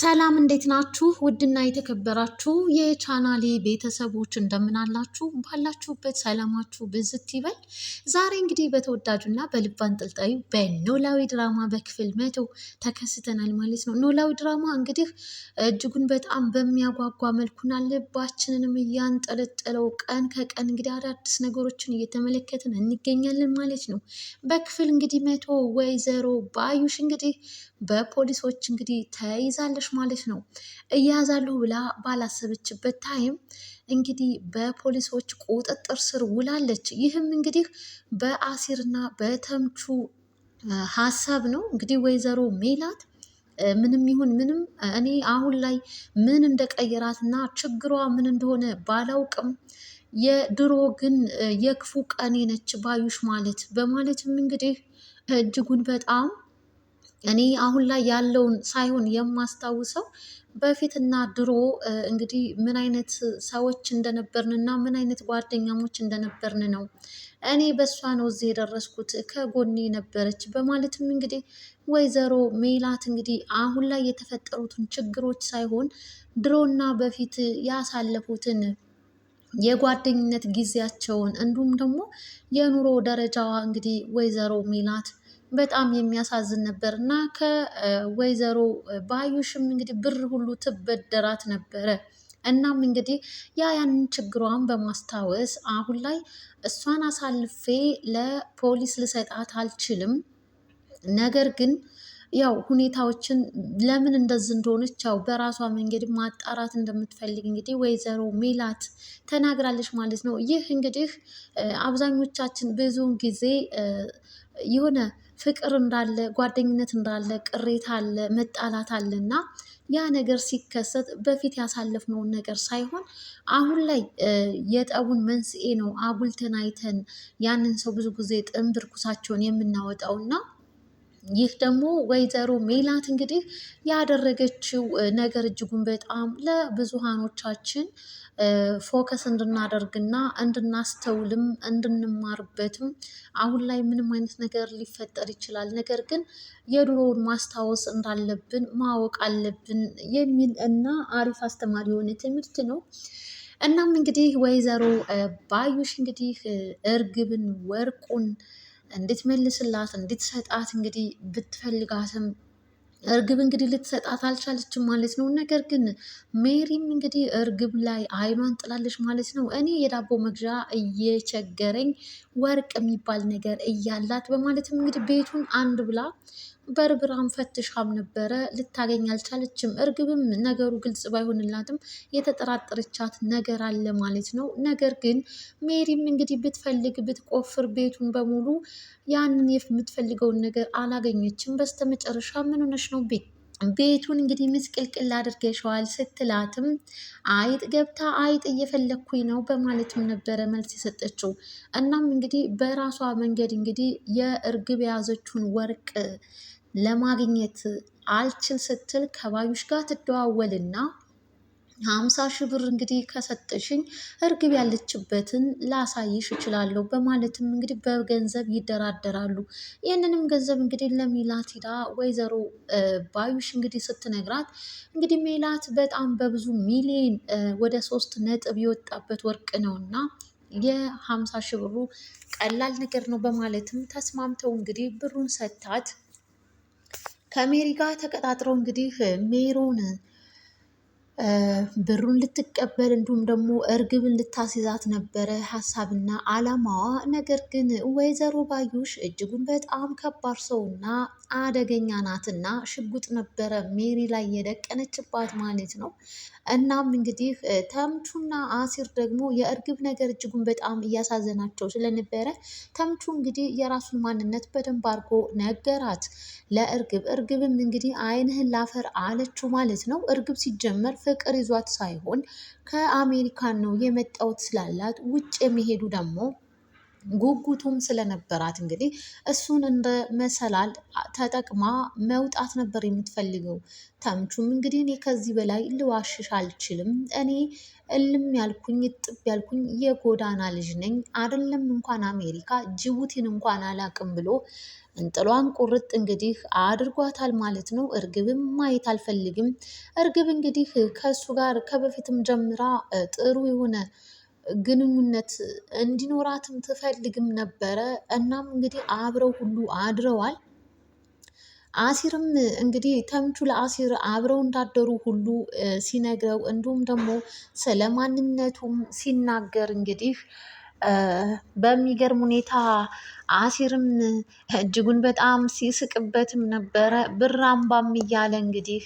ሰላም እንዴት ናችሁ? ውድና የተከበራችሁ የቻናሌ ቤተሰቦች እንደምናላችሁ ባላችሁበት ሰላማችሁ ብዝት ይበል። ዛሬ እንግዲህ በተወዳጁና በልብ አንጠልጣዩ በኖላዊ ድራማ በክፍል መቶ ተከስተናል ማለት ነው። ኖላዊ ድራማ እንግዲህ እጅጉን በጣም በሚያጓጓ መልኩና ልባችንንም እያንጠለጠለው ቀን ከቀን እንግዲህ አዳዲስ ነገሮችን እየተመለከትን እንገኛለን ማለት ነው። በክፍል እንግዲህ መቶ ወይዘሮ ባዩሽ እንግዲህ በፖሊሶች እንግዲህ ተይዛለች ማለት ነው። እያያዛለሁ ብላ ባላሰበችበት ታይም እንግዲህ በፖሊሶች ቁጥጥር ስር ውላለች። ይህም እንግዲህ በአሲርና በተምቹ ሀሳብ ነው። እንግዲህ ወይዘሮ ሜላት ምንም ይሁን ምንም እኔ አሁን ላይ ምን እንደቀየራትና ችግሯ ምን እንደሆነ ባላውቅም የድሮ ግን የክፉ ቀኔ ነች ባዩሽ ማለት በማለትም እንግዲህ እጅጉን በጣም እኔ አሁን ላይ ያለውን ሳይሆን የማስታውሰው በፊትና ድሮ እንግዲህ ምን አይነት ሰዎች እንደነበርን እና ምን አይነት ጓደኛሞች እንደነበርን ነው። እኔ በእሷ ነው እዚህ የደረስኩት ከጎኔ ነበረች በማለትም እንግዲህ ወይዘሮ ሜላት እንግዲህ አሁን ላይ የተፈጠሩትን ችግሮች ሳይሆን ድሮና በፊት ያሳለፉትን የጓደኝነት ጊዜያቸውን እንዲሁም ደግሞ የኑሮ ደረጃዋ እንግዲህ ወይዘሮ ሜላት በጣም የሚያሳዝን ነበር እና ከወይዘሮ ባዩሽም እንግዲህ ብር ሁሉ ትበደራት ነበረ። እናም እንግዲህ ያ ያንን ችግሯን በማስታወስ አሁን ላይ እሷን አሳልፌ ለፖሊስ ልሰጣት አልችልም። ነገር ግን ያው ሁኔታዎችን ለምን እንደዚህ እንደሆነች ያው በራሷ መንገድ ማጣራት እንደምትፈልግ እንግዲህ ወይዘሮ ሜላት ተናግራለች ማለት ነው። ይህ እንግዲህ አብዛኞቻችን ብዙውን ጊዜ የሆነ ፍቅር እንዳለ ጓደኝነት እንዳለ ቅሬታ አለ መጣላት አለ እና ያ ነገር ሲከሰት በፊት ያሳለፍነውን ነገር ሳይሆን አሁን ላይ የጠቡን መንስኤ ነው አጉልተን አይተን ያንን ሰው ብዙ ጊዜ ጥንብርኩሳቸውን የምናወጣውና ይህ ደግሞ ወይዘሮ ሜላት እንግዲህ ያደረገችው ነገር እጅጉን በጣም ለብዙሃኖቻችን ፎከስ እንድናደርግና እንድናስተውልም እንድንማርበትም አሁን ላይ ምንም አይነት ነገር ሊፈጠር ይችላል፣ ነገር ግን የድሮውን ማስታወስ እንዳለብን ማወቅ አለብን የሚል እና አሪፍ አስተማሪ የሆነ ትምህርት ነው። እናም እንግዲህ ወይዘሮ ባዩሽ እንግዲህ እርግብን ወርቁን እንድትመልስላት እንድትሰጣት እንግዲህ ብትፈልጋትም እርግብ እንግዲህ ልትሰጣት አልቻለችም ማለት ነው። ነገር ግን ሜሪም እንግዲህ እርግብ ላይ አይኗን ጥላለች ማለት ነው። እኔ የዳቦ መግዣ እየቸገረኝ ወርቅ የሚባል ነገር እያላት በማለትም እንግዲህ ቤቱን አንድ ብላ በርብራም ፈትሻም ነበረ፣ ልታገኝ አልቻለችም። እርግብም ነገሩ ግልጽ ባይሆንላትም የተጠራጠረቻት ነገር አለ ማለት ነው። ነገር ግን ሜሪም እንግዲህ ብትፈልግ ብትቆፍር ቤቱን በሙሉ ያንን የምትፈልገውን ነገር አላገኘችም። በስተመጨረሻ ምን ሆነሽ ነው ቤት ቤቱን እንግዲህ ምስቅልቅል አድርገሸዋል ስትላትም አይጥ ገብታ አይጥ እየፈለግኩኝ ነው በማለትም ነበረ መልስ የሰጠችው። እናም እንግዲህ በራሷ መንገድ እንግዲህ የእርግብ የያዘችውን ወርቅ ለማግኘት አልችል ስትል ከባዩሽ ጋር ትደዋወልና ሀምሳ ሺህ ብር እንግዲህ ከሰጠሽኝ እርግብ ያለችበትን ላሳይሽ እችላለሁ በማለትም እንግዲህ በገንዘብ ይደራደራሉ። ይህንንም ገንዘብ እንግዲህ ለሚላት ሂዳ ወይዘሮ ባዩሽ እንግዲህ ስትነግራት እንግዲህ ሜላት በጣም በብዙ ሚሊዮን ወደ ሶስት ነጥብ የወጣበት ወርቅ እና የሀምሳ ሺህ ብሩ ቀላል ነገር ነው በማለትም ተስማምተው እንግዲህ ብሩን ሰታት ከሜሪ ጋር ተቀጣጥሮ እንግዲህ ሜሮን ብሩን ልትቀበል እንዲሁም ደግሞ እርግብን ልታስይዛት ነበረ ሀሳብና አላማዋ። ነገር ግን ወይዘሮ ባዩሽ እጅጉን በጣም ከባድ ሰውና አደገኛ ናትና ሽጉጥ ነበረ ሜሪ ላይ የደቀነችባት ማለት ነው። እናም እንግዲህ ተምቹና አሲር ደግሞ የእርግብ ነገር እጅጉን በጣም እያሳዘናቸው ስለነበረ ተምቹ እንግዲህ የራሱን ማንነት በደንብ አድርጎ ነገራት ለእርግብ። እርግብም እንግዲህ አይንህን ላፈር አለችው ማለት ነው። እርግብ ሲጀመር ፍቅር ይዟት ሳይሆን ከአሜሪካን ነው የመጣሁት ስላላት ውጭ የሚሄዱ ደግሞ ጉጉቱም ስለነበራት እንግዲህ እሱን እንደ መሰላል ተጠቅማ መውጣት ነበር የምትፈልገው። ተምቹም እንግዲህ እኔ ከዚህ በላይ ልዋሽሽ አልችልም፣ እኔ እልም ያልኩኝ እጥብ ያልኩኝ የጎዳና ልጅ ነኝ፣ አይደለም እንኳን አሜሪካ ጅቡቲን እንኳን አላቅም ብሎ እንጥሏን ቁርጥ እንግዲህ አድርጓታል ማለት ነው። እርግብም ማየት አልፈልግም። እርግብ እንግዲህ ከእሱ ጋር ከበፊትም ጀምራ ጥሩ የሆነ ግንኙነት እንዲኖራትም ትፈልግም ነበረ። እናም እንግዲህ አብረው ሁሉ አድረዋል። አሲርም እንግዲህ ተምቹ ለአሲር አብረው እንዳደሩ ሁሉ ሲነግረው እንዲሁም ደግሞ ስለ ማንነቱም ሲናገር እንግዲህ በሚገርም ሁኔታ አሲርም እጅጉን በጣም ሲስቅበትም ነበረ። ብራምባም እያለ እንግዲህ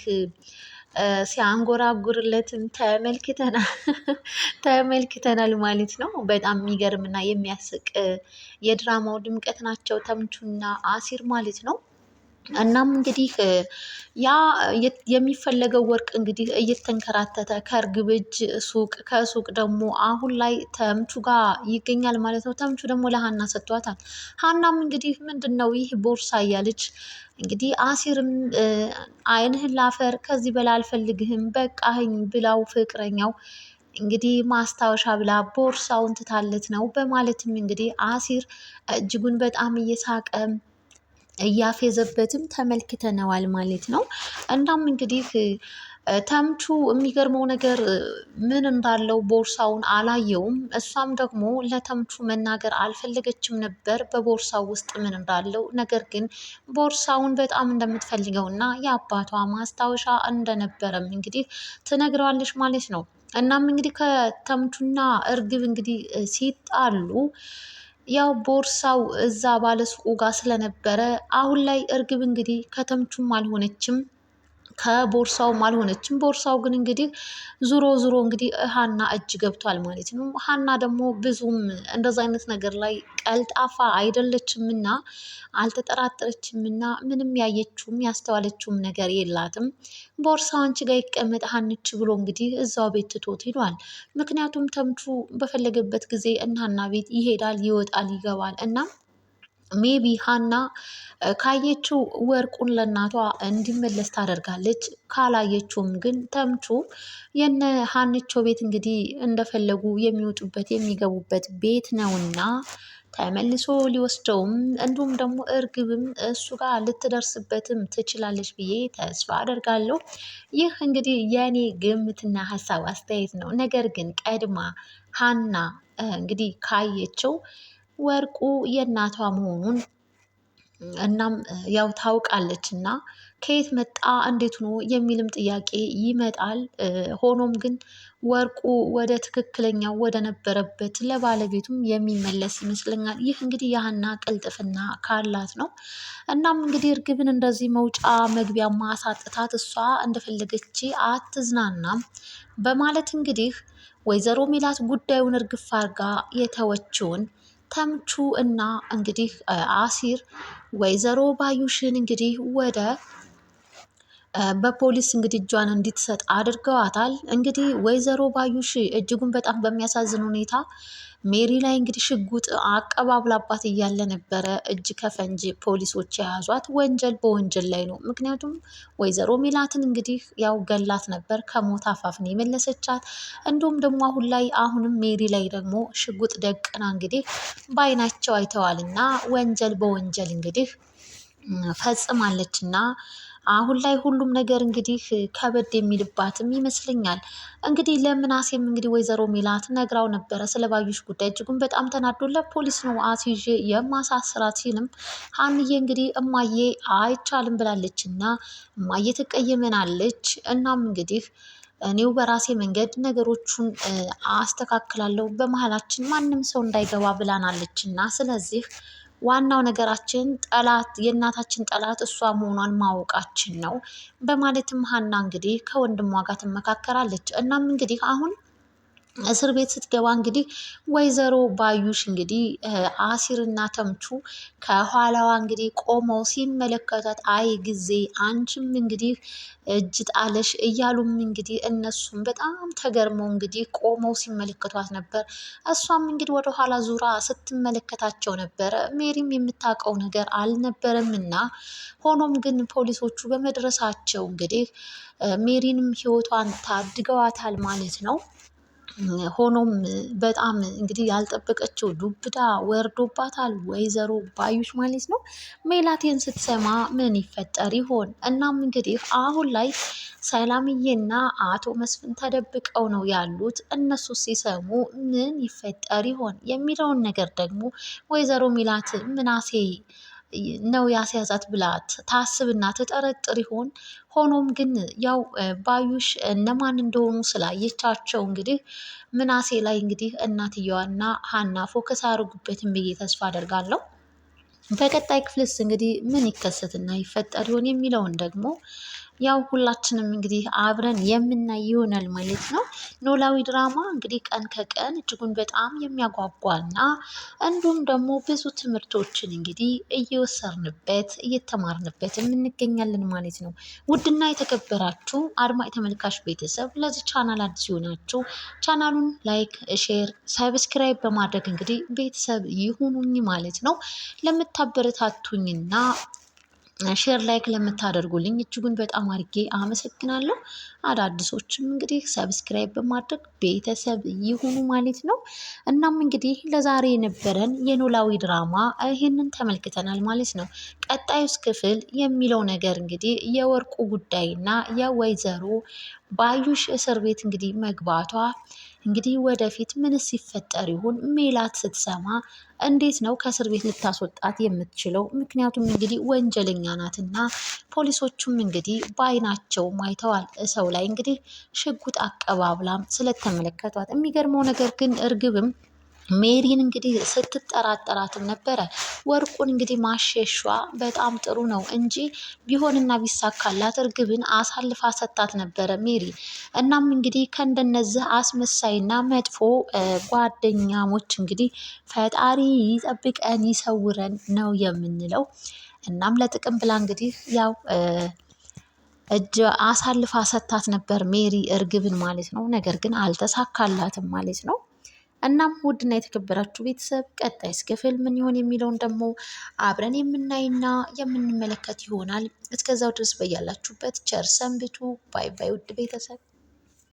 ሲያንጎራጉርለትም ተመልክተናል ተመልክተናል ማለት ነው። በጣም የሚገርምና የሚያስቅ የድራማው ድምቀት ናቸው ተምቹና አሲር ማለት ነው። እናም እንግዲህ ያ የሚፈለገው ወርቅ እንግዲህ እየተንከራተተ ከእርግብ እጅ ሱቅ ከሱቅ ደግሞ አሁን ላይ ተምቹ ጋር ይገኛል ማለት ነው። ተምቹ ደግሞ ለሀና ሰጥቷታል። ሀናም እንግዲህ ምንድን ነው ይህ ቦርሳ እያለች እንግዲህ አሲርም አይንህን ላፈር ከዚህ በላ አልፈልግህም በቃህኝ ብላው ፍቅረኛው እንግዲህ ማስታወሻ ብላ ቦርሳውን ትታለት ነው በማለትም እንግዲህ አሲር እጅጉን በጣም እየሳቀ እያፌዘበትም ተመልክተነዋል ማለት ነው። እናም እንግዲህ ተምቹ የሚገርመው ነገር ምን እንዳለው ቦርሳውን አላየውም። እሷም ደግሞ ለተምቹ መናገር አልፈለገችም ነበር በቦርሳው ውስጥ ምን እንዳለው። ነገር ግን ቦርሳውን በጣም እንደምትፈልገው እና የአባቷ ማስታወሻ እንደነበረም እንግዲህ ትነግረዋለች ማለት ነው። እናም እንግዲህ ከተምቹና እርግብ እንግዲህ ሲጣሉ ያው ቦርሳው እዛ ባለሱቁ ጋር ስለነበረ አሁን ላይ እርግብ እንግዲህ ከተምቹም አልሆነችም ከቦርሳውም አልሆነችም። ቦርሳው ግን እንግዲህ ዙሮ ዙሮ እንግዲህ ሀና እጅ ገብቷል ማለት ነው። ሀና ደግሞ ብዙም እንደዛ አይነት ነገር ላይ ቀልጣፋ አልተጠራጠረችም እና ምንም ያየችውም ያስተዋለችውም ነገር የላትም። ቦርሳው አንቺ ጋር ይቀመጥ ሀንች ብሎ እንግዲህ እዛው ቤት ትቶት ሂዷል። ምክንያቱም ተምቹ በፈለገበት ጊዜ እናና ሀና ቤት ይሄዳል፣ ይወጣል፣ ይገባል እና ሜቢ ሀና ካየችው ወርቁን ለእናቷ እንዲመለስ ታደርጋለች። ካላየችውም ግን ተምቹ የነ ሀንቾ ቤት እንግዲህ እንደፈለጉ የሚወጡበት የሚገቡበት ቤት ነውና ተመልሶ ሊወስደውም እንዲሁም ደግሞ እርግብም እሱ ጋር ልትደርስበትም ትችላለች ብዬ ተስፋ አደርጋለሁ። ይህ እንግዲህ የእኔ ግምትና ሀሳብ አስተያየት ነው። ነገር ግን ቀድማ ሀና እንግዲህ ካየችው ወርቁ የእናቷ መሆኑን እናም ያው ታውቃለች እና ከየት መጣ እንዴት ሆኖ የሚልም ጥያቄ ይመጣል። ሆኖም ግን ወርቁ ወደ ትክክለኛው ወደ ነበረበት ለባለቤቱም የሚመለስ ይመስለኛል። ይህ እንግዲህ ያህና ቅልጥፍና ካላት ነው። እናም እንግዲህ እርግብን እንደዚህ መውጫ መግቢያ ማሳጥታት እሷ እንደፈለገች አትዝናናም በማለት እንግዲህ ወይዘሮ ሜላት ጉዳዩን እርግፍ የተወችውን ተምቹ እና እንግዲህ አሲር ወይዘሮ ባዩሽን እንግዲህ ወደ በፖሊስ እንግዲህ እጇን እንድትሰጥ አድርገዋታል። እንግዲህ ወይዘሮ ባዩሽ እጅጉን በጣም በሚያሳዝን ሁኔታ ሜሪ ላይ እንግዲህ ሽጉጥ አቀባብላባት እያለ ነበረ እጅ ከፈንጅ ፖሊሶች የያዟት። ወንጀል በወንጀል ላይ ነው። ምክንያቱም ወይዘሮ ሚላትን እንግዲህ ያው ገላት ነበር፣ ከሞት አፋፍን የመለሰቻት። እንዲሁም ደግሞ አሁን ላይ አሁንም ሜሪ ላይ ደግሞ ሽጉጥ ደቅና እንግዲህ በአይናቸው አይተዋል እና ወንጀል በወንጀል እንግዲህ ፈጽማለች እና አሁን ላይ ሁሉም ነገር እንግዲህ ከበድ የሚልባትም ይመስለኛል። እንግዲህ ለምናሴም እንግዲህ ወይዘሮ ሚላት ነግራው ነበረ ስለ ባዩሽ ጉዳይ እጅጉን በጣም ተናዶ ለፖሊስ ነው አስይዤ የማሳስራት ሲልም ሀንዬ እንግዲህ እማዬ አይቻልም ብላለች እና እማዬ ትቀይመናለች። እናም እንግዲህ እኔው በራሴ መንገድ ነገሮቹን አስተካክላለሁ በመሀላችን ማንም ሰው እንዳይገባ ብላናለች እና ስለዚህ ዋናው ነገራችን ጠላት የእናታችን ጠላት እሷ መሆኗን ማወቃችን ነው በማለትም ሀና እንግዲህ ከወንድሟ ጋር ትመካከራለች። እናም እንግዲህ አሁን እስር ቤት ስትገባ እንግዲህ ወይዘሮ ባዩሽ እንግዲህ አሲርና ተምቹ ከኋላዋ እንግዲህ ቆመው ሲመለከቷት አይ ጊዜ አንቺም እንግዲህ እጅ ጣለሽ እያሉም እንግዲህ እነሱም በጣም ተገርመው እንግዲህ ቆመው ሲመለከቷት ነበር። እሷም እንግዲህ ወደ ኋላ ዙራ ስትመለከታቸው ነበረ። ሜሪም የምታውቀው ነገር አልነበረም እና ሆኖም ግን ፖሊሶቹ በመድረሳቸው እንግዲህ ሜሪንም ህይወቷን ታድገዋታል ማለት ነው። ሆኖም በጣም እንግዲህ ያልጠበቀችው ዱብዳ ወርዶባታል ወይዘሮ ባዩሽ ማለት ነው። ሜላቴን ስትሰማ ምን ይፈጠር ይሆን? እናም እንግዲህ አሁን ላይ ሰላምዬና አቶ መስፍን ተደብቀው ነው ያሉት። እነሱ ሲሰሙ ምን ይፈጠር ይሆን የሚለውን ነገር ደግሞ ወይዘሮ ሚላት ምናሴ ነው ያስያዛት ብላ ታስብና ትጠረጥር ይሆን? ሆኖም ግን ያው ባዩሽ እነማን እንደሆኑ ስላየቻቸው እንግዲህ ምናሴ ላይ እንግዲህ እናትየዋና ሀና ፎከስ አድርጉበትን ብዬ ተስፋ አደርጋለሁ። በቀጣይ ክፍልስ እንግዲህ ምን ይከሰትና ይፈጠር ይሆን የሚለውን ደግሞ ያው ሁላችንም እንግዲህ አብረን የምናይ ይሆናል ማለት ነው። ኖላዊ ድራማ እንግዲህ ቀን ከቀን እጅጉን በጣም እና እንዲሁም ደግሞ ብዙ ትምህርቶችን እንግዲህ እየወሰርንበት እየተማርንበት የምንገኛለን ማለት ነው። ውድና የተከበራችሁ አድማጭ ተመልካች ቤተሰብ ለዚህ ቻናል አዲስ ሲሆናችሁ ቻናሉን ላይክ፣ ሼር፣ ሰብስክራይብ በማድረግ እንግዲህ ቤተሰብ ይሁኑኝ ማለት ነው። ለምታበረታቱኝና ሼር ላይክ ለምታደርጉልኝ እጅጉን በጣም አድርጌ አመሰግናለሁ። አዳዲሶችም እንግዲህ ሰብስክራይብ በማድረግ ቤተሰብ ይሁኑ ማለት ነው። እናም እንግዲህ ለዛሬ የነበረን የኖላዊ ድራማ ይህንን ተመልክተናል ማለት ነው። ቀጣዩስ ክፍል የሚለው ነገር እንግዲህ የወርቁ ጉዳይና የወይዘሮ ባዩሽ እስር ቤት እንግዲህ መግባቷ እንግዲህ ወደፊት ምንስ ሲፈጠር ይሆን? ሜላት ስትሰማ እንዴት ነው ከእስር ቤት ልታስወጣት የምትችለው? ምክንያቱም እንግዲህ ወንጀለኛ ናትና ፖሊሶቹም እንግዲህ በአይናቸው አይተዋል። ሰው ላይ እንግዲህ ሽጉጥ አቀባብላም ስለተመለከቷት የሚገርመው ነገር ግን እርግብም ሜሪን እንግዲህ ስትጠራጠራትም ነበረ። ወርቁን እንግዲህ ማሸሿ በጣም ጥሩ ነው እንጂ ቢሆንና ቢሳካላት እርግብን አሳልፋ ሰጥታት ነበረ ሜሪ። እናም እንግዲህ ከእንደነዚህ አስመሳይና መጥፎ ጓደኛሞች እንግዲህ ፈጣሪ ይጠብቀን ይሰውረን ነው የምንለው። እናም ለጥቅም ብላ እንግዲህ ያው እጅ አሳልፋ ሰጥታት ነበር ሜሪ እርግብን ማለት ነው። ነገር ግን አልተሳካላትም ማለት ነው። እናም ውድና የተከበራችሁ ቤተሰብ ቀጣይስ ክፍል ምን ይሆን የሚለውን ደግሞ አብረን የምናይና የምንመለከት ይሆናል። እስከዛው ድረስ በያላችሁበት ቸር ሰንብቱ። ባይ ባይ ውድ ቤተሰብ